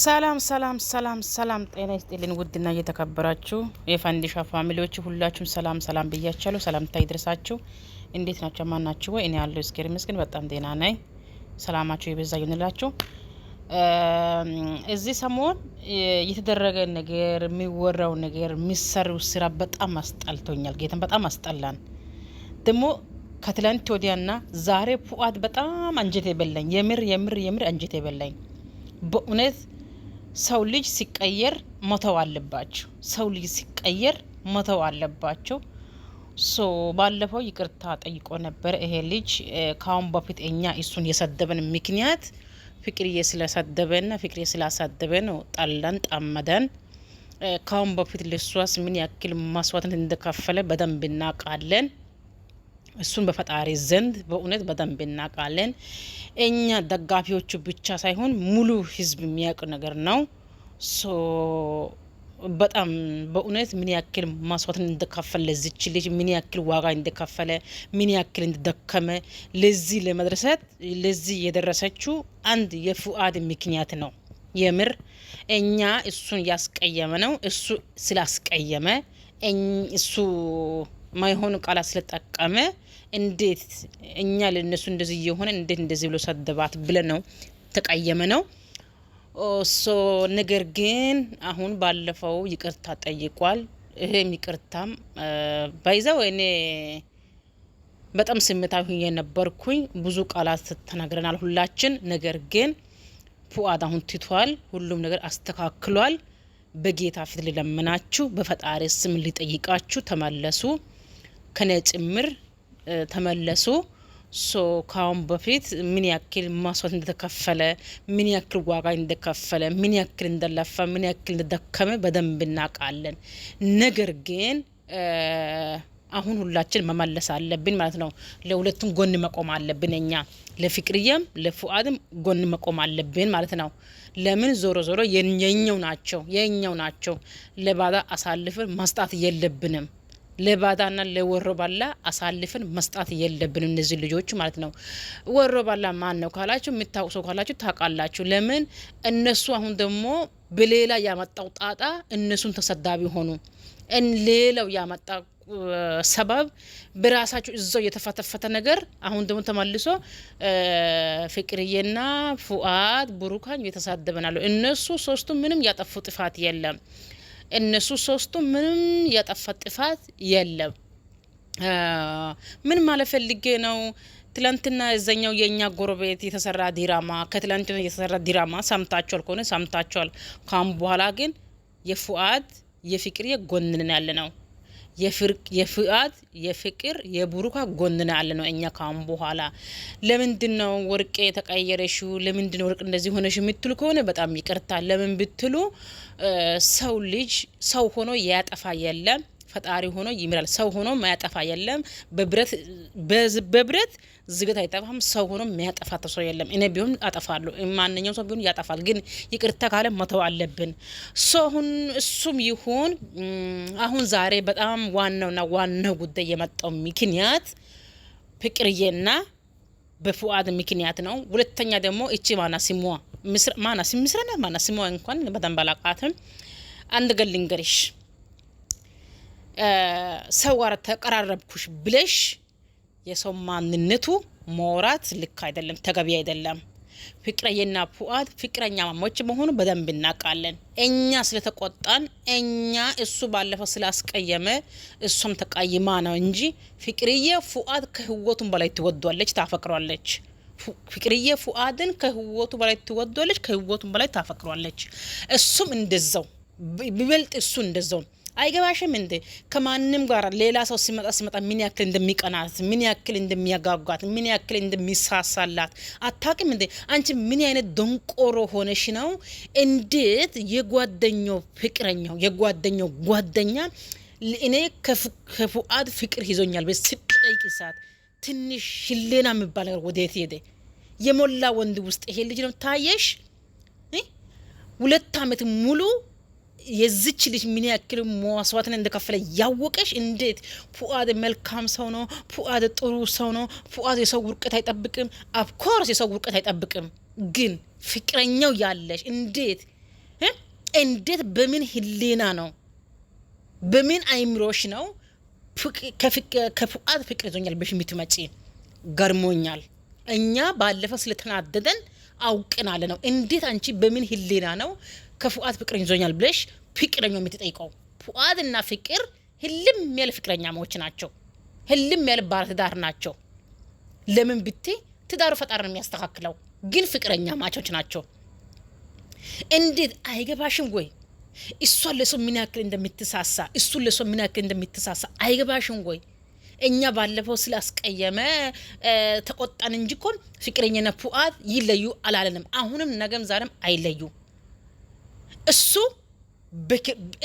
ሰላም ሰላም ሰላም ሰላም፣ ጤና ይስጥልን ውድና እየተከበራችሁ የፈንዲሻ ፋሚሊዎች ሁላችሁም ሰላም ሰላም ብያቻለሁ። ሰላምታ ይድረሳችሁ። እንዴት ናቸው? ማን ናችሁ? ወይ እኔ ያለው እስኪ ምስግን በጣም ጤና ነኝ። ሰላማችሁ የበዛ ይሁንላችሁ። እዚህ ሰሞን የተደረገ ነገር፣ የሚወራው ነገር፣ የሚሰሩ ስራ በጣም አስጠልቶኛል። ጌታን በጣም አስጠላን። ደግሞ ከትላንት ወዲያና ዛሬ ፉአድ በጣም አንጀት የበላኝ የምር የምር የምር አንጀት የበላኝ በእውነት ሰው ልጅ ሲቀየር ሞተው አለባቸው። ሰው ልጅ ሲቀየር ሞተው አለባቸው። ሶ ባለፈው ይቅርታ ጠይቆ ነበረ ይሄ ልጅ ከአሁን በፊት እኛ እሱን የሰደበን ምክንያት ፍቅርዬ ስለሰደበና ፍቅርዬ ስላሳደበ ነው። ጣላን፣ ጣመደን። ከአሁን በፊት ልሷስ ምን ያክል ማስዋዕትነት እንደከፈለ በደንብ እናውቃለን። እሱን በፈጣሪ ዘንድ በእውነት በደንብ እናውቃለን። እኛ ደጋፊዎቹ ብቻ ሳይሆን ሙሉ ህዝብ የሚያውቅ ነገር ነው። በጣም በእውነት ምን ያክል ማስዋትን እንደከፈለ ለዚች ልጅ ምን ያክል ዋጋ እንደከፈለ ምን ያክል እንደደከመ ለዚህ ለመድረሰት ለዚህ የደረሰችው አንድ የፉአድ ምክንያት ነው። የምር እኛ እሱን ያስቀየመ ነው እሱ ስላስቀየመ እሱ ማይሆኑ ቃላት ስለጠቀመ እንዴት እኛ ለነሱ እንደዚህ እየሆነ እንዴት እንደዚህ ብሎ ሰደባት ብለ ነው ተቀየመ ነው ሶ ነገር ግን አሁን ባለፈው ይቅርታ ጠይቋል። ይሄም ይቅርታም ባይዘው እኔ በጣም ስሜታዊ የነበርኩኝ ብዙ ቃላት ተናግረናል ሁላችን። ነገር ግን ፉአድ አሁን ትቷል። ሁሉም ነገር አስተካክሏል። በጌታ ፊት ልለምናችሁ፣ በፈጣሪ ስም ሊጠይቃችሁ ተመለሱ ከነ ጭምር ተመለሱ። ሶ በፊት ምን ያክል ማስዋት እንደተከፈለ ምን ያክል ዋጋ እንደከፈለ ምን ያክል እንደለፋ ምን ያክል እንደደከመ በደንብ እናውቃለን። ነገር ግን አሁን ሁላችን መመለስ አለብን ማለት ነው። ለሁለቱም ጎን መቆም አለብን እኛ ለፍቅርየም ለፉአድም ጎን መቆም አለብን ማለት ነው። ለምን ዞሮ ዞሮ የኛው ናቸው የኛው ናቸው። ለባዳ አሳልፍን ማስጣት የለብንም። ለባዳና ለወሮ ባላ አሳልፈን መስጣት የለብን እነዚህ ልጆች ማለት ነው። ወሮ ባላ ማን ነው ካላችሁ የምታውቁ ሰው ካላችሁ ታውቃላችሁ። ለምን እነሱ አሁን ደግሞ በሌላ ያመጣው ጣጣ እነሱን ተሰዳቢ ሆኑ። ሌላው ያመጣ ሰበብ በራሳቸው እዛው የተፈተፈተ ነገር አሁን ደግሞ ተመልሶ ፍቅርዬና ፉአት ቡሩካኝ የተሳደበናሉ። እነሱ ሶስቱ ምንም ያጠፉ ጥፋት የለም። እነሱ ሶስቱ ምንም ያጠፋት ጥፋት የለም። ምን ማለት ፈልጌ ነው? ትላንትና እዘኛው የእኛ ጎረቤት የተሰራ ዲራማ ከትላንትና የተሰራ ዲራማ ሰምታችኋል ከሆነ ሰምታችኋል። ካሁን በኋላ ግን የፉአድ የፍቅር ጎንንን ያለ ነው የፍቃድ የፍቅር የቡሩካ ጎንና ያለ ነው። እኛ ካሁን በኋላ ለምንድን ነው ወርቄ የተቀየረሽው? ለምንድን ወርቅ እንደዚህ ሆነሽ የምትሉ ከሆነ በጣም ይቅርታ። ለምን ብትሉ ሰው ልጅ ሰው ሆኖ ያጠፋ የለም ፈጣሪ ሆኖ ይምራል። ሰው ሆኖ ማያጠፋ የለም። በብረት በብረት ዝገት አይጠፋም። ሰው ሆኖ ማያጠፋ ተሰው የለም። እኔ ቢሆን አጠፋለሁ፣ ማንኛውም ሰው ቢሆን ያጠፋል። ግን ይቅርታ ካለ መተው አለብን። ሰውን እሱም ይሁን አሁን ዛሬ በጣም ዋናውና ዋናው ጉዳይ የመጣው ምክንያት ፍቅርዬና በፉአድ ምክንያት ነው። ሁለተኛ ደግሞ እቺ ማና ሲሟ ማና ሲምስረና ማና ሲሟ እንኳን በደንብ አላቃትም። አንድ ገል ልንገርሽ ሰው ጋር ተቀራረብኩሽ ብለሽ የሰው ማንነቱ መውራት ልክ አይደለም፣ ተገቢ አይደለም። ፍቅረዬና ፉአድ ፍቅረኛ ማሞች መሆኑ በደንብ እናውቃለን። እኛ ስለተቆጣን እኛ እሱ ባለፈው ስላስቀየመ እሷም ተቃይማ ነው እንጂ ፍቅርዬ ፉአድ ከህይወቱን በላይ ትወዷለች፣ ታፈቅሯለች። ፍቅርዬ ፉአድን ከህይወቱ በላይ ትወዷለች፣ ከህይወቱን በላይ ታፈቅሯለች። እሱም እንደዛው ቢበልጥ እሱ እንደዛው አይገባሽም እንዴ? ከማንም ጋር ሌላ ሰው ሲመጣ ሲመጣ ምን ያክል እንደሚቀናት ምን ያክል እንደሚያጓጓት ምን ያክል እንደሚሳሳላት አታውቅም እንዴ? አንቺ ምን አይነት ደንቆሮ ሆነሽ ነው? እንዴት የጓደኛው ፍቅረኛው የጓደኛው ጓደኛ እኔ ከፉአድ ፍቅር ይዞኛል በስጠይቅ ሰዓት ትንሽ ሽሌና የሚባል ነገር ወዴት ሄደ? የሞላ ወንድ ውስጥ ይሄ ልጅ ነው ታየሽ። ሁለት አመት ሙሉ የዝች ልጅ ምን ያክል መስዋዕትን እንደከፈለ ያወቀሽ። እንዴት ፉአድ መልካም ሰው ነው፣ ፉአድ ጥሩ ሰው ነው። ፉአድ የሰው ውርቀት አይጠብቅም። አፍኮርስ የሰው ውርቀት አይጠብቅም። ግን ፍቅረኛው ያለሽ እንዴት እንዴት በምን ህሊና ነው በምን አይምሮሽ ነው ከፉአድ ፍቅር ይዞኛል በሽሚቱ የምትመጪ ገርሞኛል። እኛ ባለፈው ስለተናደደን አውቅናለ ነው። እንዴት አንቺ በምን ህሊና ነው ከፉአድ ፍቅር ይዞኛል ብለሽ ፍቅረኛው የምትጠይቀው ፉአድ ፍቅር ህልም ያለ ሞች ናቸው። ህልም ያለ ባለ ትዳር ናቸው። ለምን ብቴ ትዳሩ ፈጣሪ ነው የሚያስተካክለው፣ ግን ፍቅረኛ ማቾች ናቸው። እንዴት አይገባሽም ወይ? እሷን ለሰ ምን ያክል እንደምትሳሳ እሱን ለሰ ምን ያክል እንደምትሳሳ አይገባሽም ወይ? እኛ ባለፈው ስላስቀየመ ተቆጣን እንጂ ኮን ፍቅረኛና ፉአድ ይለዩ አላለንም። አሁንም ነገም ዛሬም አይለዩ። እሱ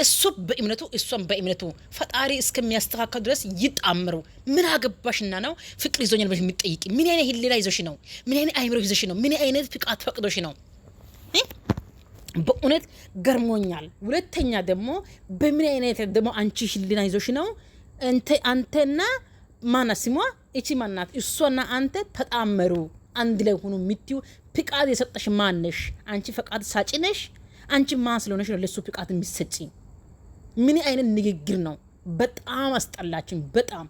እሱ በእምነቱ እሷን በእምነቱ ፈጣሪ እስከሚያስተካከል ድረስ ይጣምሩ። ምን አገባሽና ነው ፍቅር ይዞኛል ብለሽ የሚጠይቅ? ምን አይነት ህሊና ይዞሽ ነው? ምን አይነት አይምሮ ይዞሽ ነው? ምን አይነት ፍቃት ፈቅዶሽ ነው? በእውነት ገርሞኛል። ሁለተኛ ደግሞ በምን አይነት ደግሞ አንቺ ህሊና ይዞሽ ነው? አንተና ማና ስሟ እቺ ማናት? እሷና አንተ ተጣመሩ አንድ ላይ ሆኑ የምትዩ ፍቃድ የሰጠሽ ማነሽ? አንቺ ፈቃድ ሳጭነሽ? አንቺ ማ ስለሆነች ነው ለሱ ፍቃድ የሚሰጪኝ? ምን አይነት ንግግር ነው? በጣም አስጠላችን። በጣም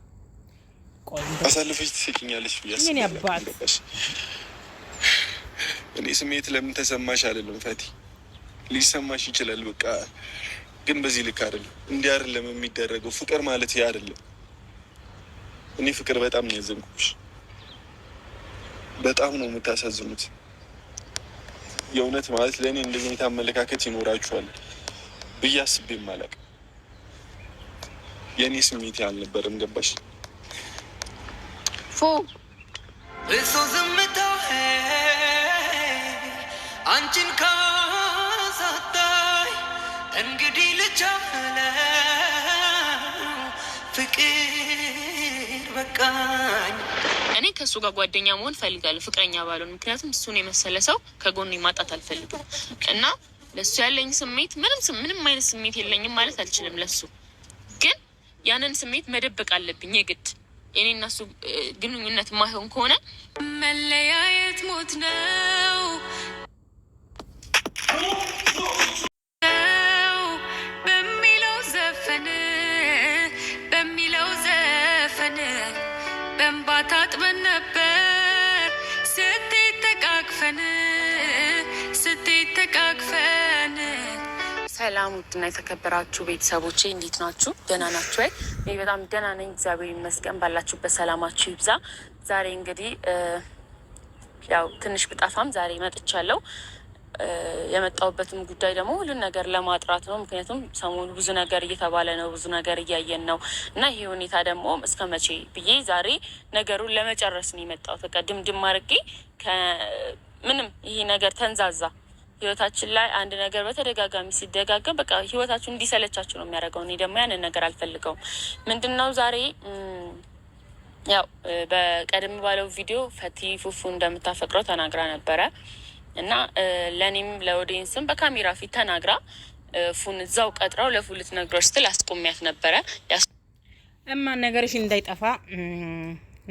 አሳልፈሽ ትሰጭኛለሽ እኔ ስሜት ለምን ተሰማሽ አይደለም ፈቲ፣ ሊሰማሽ ይችላል። በቃ ግን በዚህ ልክ አይደለም፣ እንዲህ አይደለም የሚደረገው። ፍቅር ማለት ያ አይደለም። እኔ ፍቅር በጣም ነው ያዘንኩሽ። በጣም ነው የምታሳዝኑት። የእውነት ማለት ለእኔ እንደዚህ አይነት አመለካከት ይኖራችኋል ብዬ አስቤም ማለቅ የእኔ ስሜት አልነበረም። ገባሽ? ፎ እሱ ዝምታ አንቺን እንግዲህ ልቻለ ፍቅር በቃኝ። እኔ ከእሱ ጋር ጓደኛ መሆን ፈልጋለሁ፣ ፍቅረኛ ባልሆን። ምክንያቱም እሱን የመሰለ ሰው ከጎን ማጣት አልፈልግም እና ለእሱ ያለኝ ስሜት ምንም ምንም አይነት ስሜት የለኝም ማለት አልችልም። ለሱ ግን ያንን ስሜት መደበቅ አለብኝ የግድ የኔ እና እሱ ግንኙነት ማይሆን ከሆነ መለያየት ሞት ነው። ተቃቅፈን ሰላም ውድና የተከበራችሁ ቤተሰቦቼ እንዴት ናችሁ? ደህና ናችሁ ወይ? እኔ በጣም ደህና ነኝ፣ እግዚአብሔር ይመስገን። ባላችሁበት ሰላማችሁ ይብዛ። ዛሬ እንግዲህ ያው ትንሽ ብጠፋም ዛሬ መጥቻለሁ። የመጣሁበትም ጉዳይ ደግሞ ሁሉን ነገር ለማጥራት ነው። ምክንያቱም ሰሞኑ ብዙ ነገር እየተባለ ነው፣ ብዙ ነገር እያየን ነው እና ይህ ሁኔታ ደግሞ እስከ መቼ ብዬ ዛሬ ነገሩን ለመጨረስ ነው የመጣሁት። በቃ ድምድም አድርጌ ምንም ይሄ ነገር ተንዛዛ ህይወታችን ላይ አንድ ነገር በተደጋጋሚ ሲደጋገም በቃ ህይወታችን እንዲሰለቻችሁ ነው የሚያደርገው። እኔ ደግሞ ያንን ነገር አልፈልገውም። ምንድን ነው ዛሬ ያው በቀደም ባለው ቪዲዮ ፈቲ ፉፉ እንደምታፈቅረው ተናግራ ነበረ እና ለእኔም ለኦዲየንስም በካሜራ ፊት ተናግራ ፉን እዛው ቀጥረው ለፉ ልትነግረው ስትል አስቆሚያት ነበረ። እማ ነገርሽ እንዳይጠፋ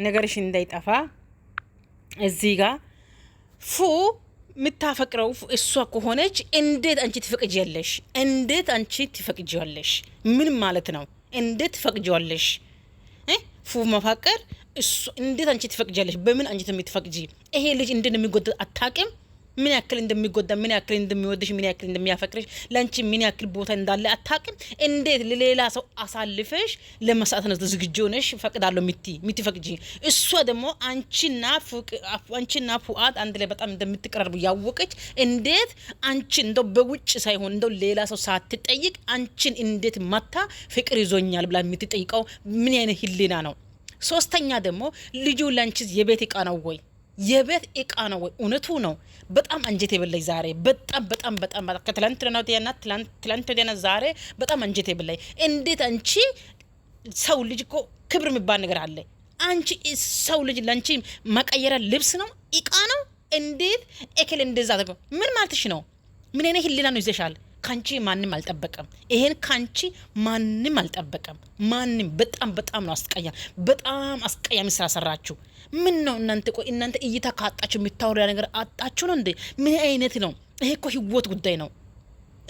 ነገርሽ እንዳይጠፋ እዚህ ጋር ፉ የምታፈቅረው እሷ ከሆነች እንዴት አንቺ ትፈቅጃለሽ? እንዴት አንቺ ትፈቅጃለሽ? ምን ማለት ነው? እንዴት ትፈቅጃለሽ? ፉ መፋቀር እንዴት አንቺ ትፈቅጃለሽ? በምን አንቺ የምትፈቅጂ? ይሄ ልጅ እንዴት ነው የሚጎዳት አታውቂም? ምን ያክል እንደሚጎዳ ምን ያክል እንደሚወድሽ ምን ያክል እንደሚያፈቅርሽ ለአንቺ ምን ያክል ቦታ እንዳለ አታቅም። እንዴት ለሌላ ሰው አሳልፈሽ ለመስጠት ነው ዝግጁ ነሽ? ፈቅዳለሁ ሚቲ ሚቲ ፈቅጂ። እሷ ደግሞ አንቺና አንቺና አንድ ላይ በጣም እንደምትቀራርቡ ያወቀች እንዴት አንቺ እንደው በውጭ ሳይሆን እንደው ሌላ ሰው ሳትጠይቅ አንቺን እንዴት ማታ ፍቅር ይዞኛል ብላ የምትጠይቀው ምን አይነት ህሊና ነው? ሶስተኛ ደግሞ ልጁ ለአንቺ የቤት እቃ ነው ወይ? የቤት እቃ ነው ወይ? እውነቱ ነው። በጣም አንጀት የበላይ ዛሬ በጣም በጣም በጣም ከትላንት ትላንት ትላንትና ዛሬ በጣም አንጀት የበላይ እንዴት አንቺ ሰው ልጅ እኮ ክብር የሚባል ነገር አለ። አንቺ ሰው ልጅ ለአንቺ መቀየሪያ ልብስ ነው፣ እቃ ነው። እንዴት እክል እንደዛ ተገ ምን ማለትሽ ነው? ምን አይነት ህሊና ነው ይዘሻል? ካንቺ ማንም አልጠበቀም። ይሄን ካንቺ ማንም አልጠበቀም። ማንም በጣም በጣም ነው አስቀያሚ፣ በጣም አስቀያሚ ስራ ሰራችሁ። ምን ነው እናንተ? ቆይ እናንተ እይታ ካጣችሁ የምታወሪያ ነገር አጣችሁ ነው እንዴ? ምን አይነት ነው ይሄ? እኮ ህይወት ጉዳይ ነው።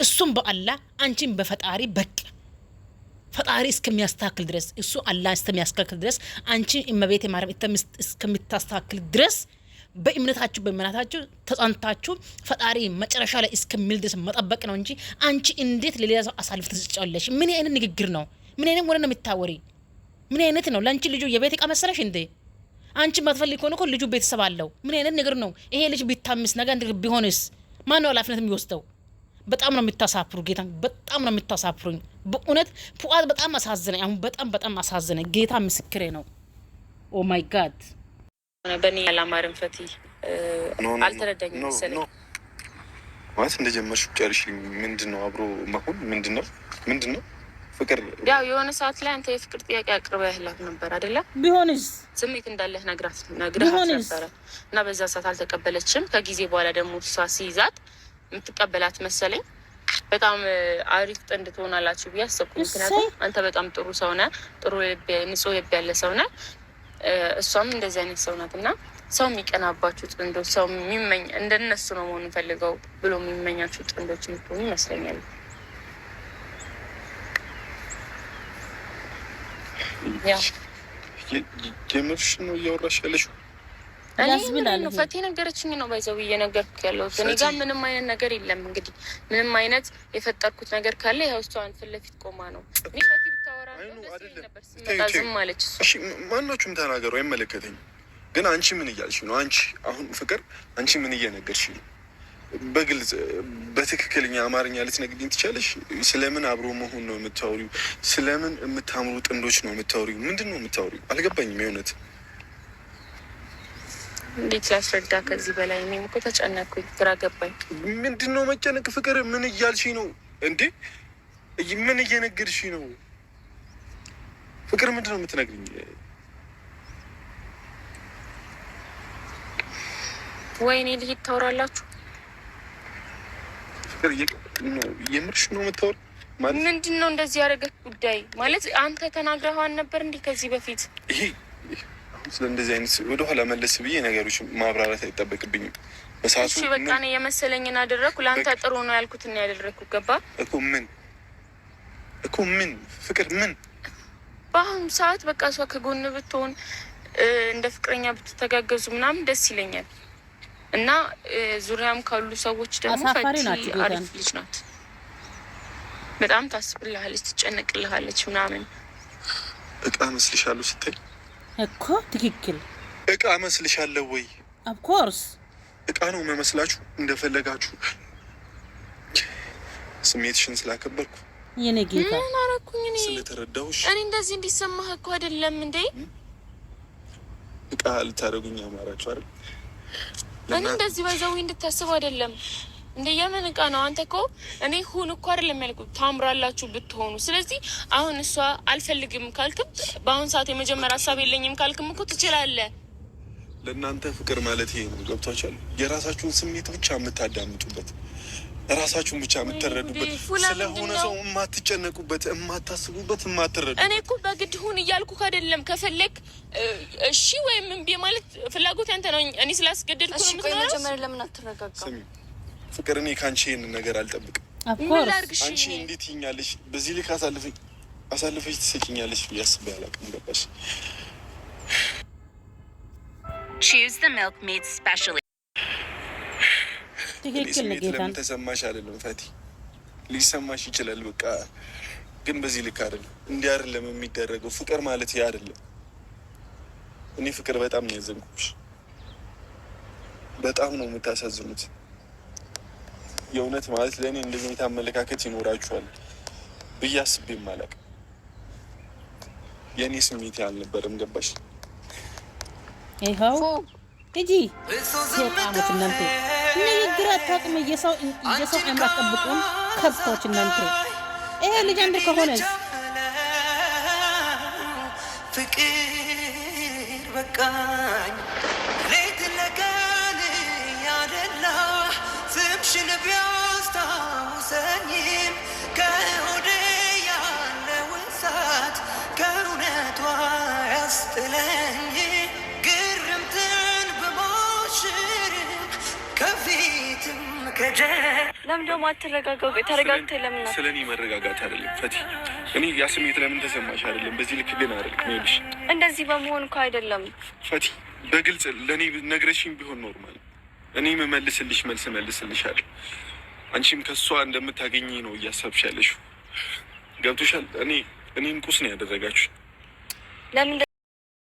እሱም በአላ አንቺን በፈጣሪ በቅ ፈጣሪ እስከሚያስተካክል ድረስ እሱ አላህ እስከሚያስተካክል ድረስ አንቺ እመቤት ማርያም እስከምታስተካክል ድረስ በእምነታችሁ በእምነታችሁ ተጸንታችሁ ፈጣሪ መጨረሻ ላይ እስከሚል ድረስ መጠበቅ ነው እንጂ አንቺ እንዴት ለሌላ ሰው አሳልፍ ትሰጫለሽ? ምን አይነት ንግግር ነው? ምን አይነት ወሬ ነው የምታወሪ? ምን አይነት ነው? ለአንቺ ልጁ የቤት እቃ መሰለሽ እንዴ? አንቺ ማትፈልግ ከሆነ እኮ ልጁ ቤተሰብ አለው። ምን አይነት ነገር ነው ይሄ? ልጅ ቢታምስ ነገር እንደ ቢሆንስ ማን ነው ኃላፊነት የሚወስደው? በጣም ነው የምታሳፍሩ። ጌታ በጣም ነው የምታሳፍሩኝ። በእውነት ፉአድ በጣም አሳዘነኝ። አሁን በጣም በጣም አሳዘነኝ። ጌታ ምስክሬ ነው። ኦ ማይ ጋድ በእኔ ያላማርን ፈቲ አልተረዳኝ መሰለኝ ማለት እንደጀመርሽ ጨርሽ። ምንድን ነው አብሮ መሆን ምንድን ነው ምንድን ነው ፍቅር ያው የሆነ ሰዓት ላይ አንተ የፍቅር ጥያቄ አቅርበህላት ነበር አይደለ? ቢሆንስ ስሜት እንዳለህ ነግራት ነግረሃት ነበረ እና በዛ ሰዓት አልተቀበለችም። ከጊዜ በኋላ ደግሞ እሷ ሲይዛት የምትቀበላት መሰለኝ። በጣም አሪፍ ጥንድ ትሆናላችሁ ብዬ አሰብኩ። ምክንያቱም አንተ በጣም ጥሩ ሰው ነህ፣ ጥሩ ንጹህ ልብ ያለ ሰው ነህ። እሷም እንደዚህ አይነት ሰው ናት እና ሰው የሚቀናባችሁ ጥንዶች፣ ሰው የሚመኝ እንደነሱ ነው መሆን ፈልገው ብሎ የሚመኛችሁ ጥንዶች የምትሆኑ ይመስለኛል። የምርሽን ነው እያወራሽ ያለሽው? ፈቴ ነው ባይዘው ያለሁት እኔ ጋር ምንም አይነት ነገር የለም። እንግዲህ ምንም አይነት የፈጠርኩት ነገር ካለ ያው ለፊት ቆማ ነው ፈቴ ብታወራ ነበር። ዝም አለች። እሱ ማናችሁም ተናገሩ አይመለከተኝም። ግን አንቺ ምን እያልሽ ነው? አንቺ አሁን ፍቅር አንቺ ምን እየነገርሽ ነው? በግልጽ በትክክለኛ አማርኛ ልትነግድኝ ትቻለሽ? ስለምን አብሮ መሆን ነው የምታወሪው? ስለምን የምታምሩ ጥንዶች ነው የምታወሪው? ምንድን ነው የምታወሪው? አልገባኝም። የእውነት እንዴት ላስረዳ? ከዚህ በላይ እኔም እኮ ተጨነኩኝ፣ ግራ ገባኝ። ምንድን ነው መጨነቅ? ፍቅር ምን እያልሽ ነው እንዴ? ምን እየነገርሽ ነው? ፍቅር ምንድን ነው የምትነግርኝ? ወይኔ ልሂድ ታውራላችሁ ነገር የምርሽ ነው የምታወር? ምንድን ነው እንደዚህ ያደረገት ጉዳይ ማለት አንተ ተናግረኸዋን ነበር እንዲህ ከዚህ በፊት? ይሄ ስለ እንደዚህ አይነት ወደኋላ መለስ ብዬ ነገሮች ማብራራት አይጠበቅብኝም። በሰዓቱ በቃ ነው የመሰለኝን አደረግኩ። ለአንተ ጥሩ ነው ያልኩትን ያደረግኩ። ገባ እኮ ምን እኮ ምን ፍቅር ምን በአሁኑ ሰዓት በቃ እሷ ከጎን ብትሆን እንደ ፍቅረኛ ብትተጋገዙ ምናምን ደስ ይለኛል። እና ዙሪያም ካሉ ሰዎች ደግሞ ፈቲ አሪፍ ልጅ ናት። በጣም ታስብልሃለች፣ ትጨነቅልሃለች ምናምን። እቃ መስልሻለሁ ስትል እኮ ትክክል። እቃ መስልሻለሁ ወይ? ኦፍኮርስ እቃ ነው መመስላችሁ። እንደፈለጋችሁ ስሜትሽን ስላከበርኩ የኔ ጌታ ምን አደረኩኝ እኔ? ስለተረዳሁሽ እኔ እንደዚህ እንዲሰማህ እኮ አይደለም እንዴ። እቃ ልታደርጉኝ አማራችሁ አይደል? እኔ እንደዚህ ባይዘው እንድታስብ አይደለም እንደ የምን እቃ ነው። አንተ እኮ እኔ ሁን እኮ አይደለም ያልኩት ታምራላችሁ ብትሆኑ። ስለዚህ አሁን እሷ አልፈልግም ካልክም፣ በአሁን ሰዓት የመጀመሪያ ሀሳብ የለኝም ካልክም እኮ ትችላለህ። ለእናንተ ፍቅር ማለት ይሄ ነው። ገብቷችኋል? የራሳችሁን ስሜት ብቻ የምታዳምጡበት ራሳችሁን ብቻ የምትረዱበት ስለሆነ ሰው የማትጨነቁበት የማታስቡበት የማትረዱ። እኔ እኮ በግድ ሁን እያልኩ አይደለም። ከፈለግ እሺ ወይም እምቢ ማለት ፍላጎት ያንተ ነው። እኔ ስላስገደድኩ መጀመሪያ ለምን አትረጋጋ ፍቅር እኔ ከአንቺ ይህንን ነገር አልጠብቅም። አንቺ እንዴት ይኛለሽ? በዚህ ልክ አሳልፈች ትሰጭኛለሽ ብዬ አስቤ አላውቅም። ገባሽ? ስሜት ለምን ተሰማሽ አይደለም ፈቲ፣ ሊሰማሽ ይችላል። በቃ ግን በዚህ ልክ አይደለም፣ እንዲህ አይደለም የሚደረገው። ፍቅር ማለት ይህ አይደለም። እኔ ፍቅር በጣም ነው ያዘንኩብሽ። በጣም ነው የምታሳዝኑት። የእውነት ማለት ለእኔ እንደዚህ አመለካከት ይኖራችኋል ብዬ አስቤም አላውቅም። የእኔ ስሜት አልነበረም። ገባሽ? ይኸው እንጂ ንግግር አታውቅም። እየሰው እየሰው አምራቀብቁም ከብቶች እናንተ ይሄ ልጅ አንድ ከሆነ ፍቅር በቃ ለምን ደግሞ አትረጋጋው? ተረጋግተህ ለምን ስለ እኔ መረጋጋት አይደለም ፈቲ፣ እኔ ያ ስሜት ለምን ተሰማሽ? አይደለም በዚህ ልክ ግን አይደለም። ይኸውልሽ እንደዚህ በመሆን እኮ አይደለም ፈቲ፣ በግልጽ ለእኔ ነግረሽኝ ቢሆን ኖርማል፣ እኔ የምመልስልሽ መልስ እመልስልሻለሁ። አንቺም ከእሷ እንደምታገኝ ነው እያሰብሽ ያለሽው። ገብቶሻል? እኔ እኔን ቁስ ነው ያደረጋችሁ ለምን